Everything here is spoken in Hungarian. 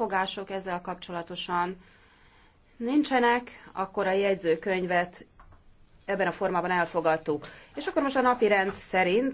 fogások ezzel kapcsolatosan nincsenek, akkor a jegyzőkönyvet ebben a formában elfogadtuk. És akkor most a napi rend szerint